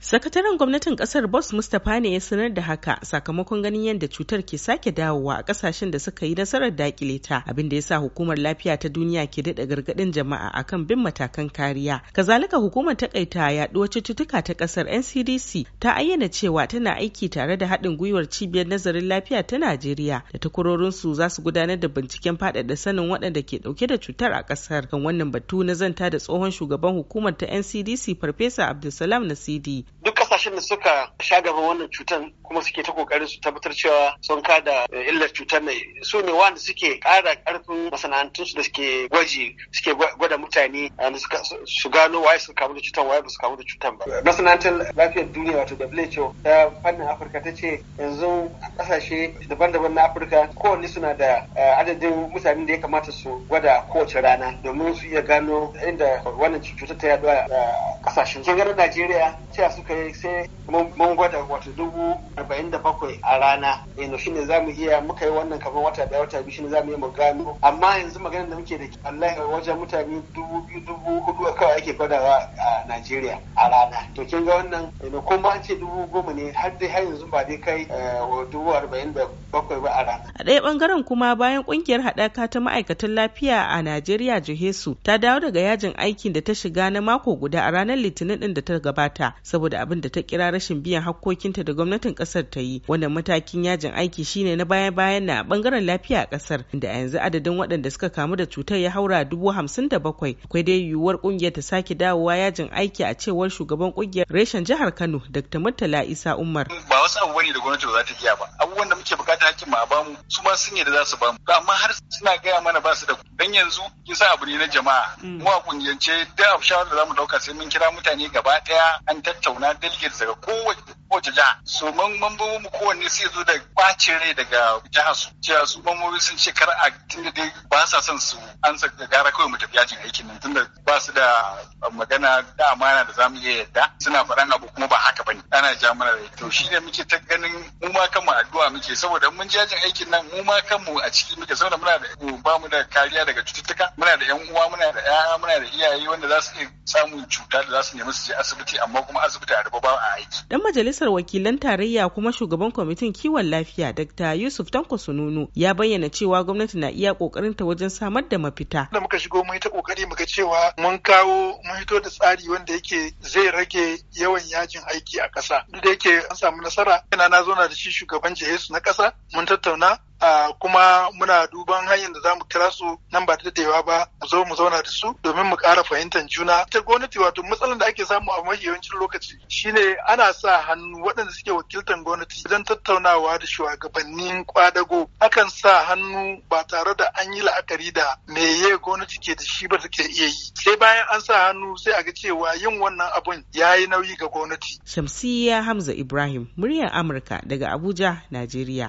Sakataren gwamnatin kasar Bos Mustapha ne ya sanar da haka sakamakon ganin yadda cutar ke sake dawowa a kasashen da suka yi nasarar dakile ta abin da ya sa hukumar lafiya ta duniya ke daɗa gargaɗin jama'a akan bin matakan kariya. Kazalika hukumar takaita yaɗuwar cututtuka ta kasar NCDC ta ayyana cewa tana aiki tare da haɗin gwiwar cibiyar nazarin lafiya ta Najeriya da takwarorin su za su gudanar da binciken faɗaɗa sanin waɗanda ke ɗauke da cutar a kasar. Kan wannan batu na zanta da tsohon shugaban hukumar ta NCDC Farfesa Abdulsalam Nasidi kasashen da suka sha gaban wannan cutar kuma suke ta kokarin su tabbatar cewa sun kada eh, illar cutar ne su ne wanda suke kara karfin masana'antun su da suke gwaji suke gwada mutane eh, su gano waye su kamu da cutar waye ba su kamu da cutar ba masana'antar lafiyar duniya wato WHO ta fannin Afirka ta ce yanzu kasashe daban-daban na Afirka kowanne suna da eh, adadin mutanen da ya kamata su gwada kowace rana domin su iya gano inda wannan cutar ta yaduwa kasashen kin Najeriya sai suka yi sai mun gwada wata dubu arba'in da bakwai a rana yanzu shine za mu iya muka yi wannan kamar wata daya wata biyu shine za mu iya mu gano amma yanzu magana da muke da ke, Allah ya wajen mutane dubu biyu dubu hudu kawai ake gwadawa a Najeriya a rana to kin ga wannan yanzu ma an ce dubu goma ne har dai har yanzu ba dai kai eh, dubu arba'in da bakwai ba a rana. A ɗaya ɓangaren kuma bayan ƙungiyar haɗaka ta ma'aikatan lafiya a Najeriya Jihesu ta dawo daga yajin aikin da ta shiga na mako guda a ranar ranar litinin din da ta gabata saboda abin da ta kira rashin biyan hakkokinta da gwamnatin kasar ta yi wannan matakin yajin aiki shine na bayan bayan na bangaren lafiya a kasar inda a yanzu adadin waɗanda suka kamu da cutar ya haura dubu hamsin da bakwai akwai dai yiwuwar kungiyar ta sake dawowa yajin aiki a cewar shugaban kungiyar reshen jihar kano dr murtala isa umar ba wasu abubuwan da gwamnati za ta iya ba abubuwan da muke bukata hakkin ma bamu su ma sun da za su bamu amma har suna gaya mana ba su da don yanzu kisa abu ne na jama'a mm. mu a kungiyance da shawarar da zamu dauka sai mun kira mutane gaba daya an tattauna dalgir daga kowace kowace jiha so mambobin mu kowanne sai zo da bacin rai daga jihar su cewa su mambobi sun ce kar a tunda dai ba sa son su an sa gara kawai mu tafi yajin aikin nan tunda ba su da magana da amana da zamu iya yadda suna faɗan abu kuma ba haka bane ana ja mana rai to ne muke ta ganin mu ma kanmu addu'a muke saboda mun ji yajin aikin nan mu ma kanmu a ciki muke saboda muna da ba mu da kariya daga cututtuka muna da yan uwa muna da ƴaƴa muna da iyaye wanda za su iya samun cuta da za su nemi su je asibiti amma kuma asibiti a ba a aiki dan majalisa majalisar wakilan tarayya kuma shugaban kwamitin kiwon lafiya Dr. Yusuf Tanko Sununu ya bayyana cewa gwamnati na iya kokarin ta wajen samar da mafita. Da muka shigo mun yi ta kokari muka cewa mun kawo mun hito da tsari wanda yake zai rage yawan yajin aiki a ƙasa. Duk da yake an samu nasara, yana na zauna da shi shugaban su na ƙasa mun tattauna kuma muna duban hanyar da za mu kira su nan ba da daɗewa ba mu zo mu zauna da su domin mu ƙara fahimtar juna ta gwamnati wato matsalar da ake samu a mafi yawancin lokaci shine ana sa hannu waɗanda suke wakiltar gwamnati don tattaunawa da shugabannin kwadago akan sa hannu ba tare da an yi la'akari da "Me ye gwamnati ke da shi ba take iya yi sai bayan an sa hannu sai a ga cewa yin wannan abun ya yi nauyi ga gwamnati. Shamsiyya Hamza Ibrahim, muryar Amurka daga Abuja, Najeriya.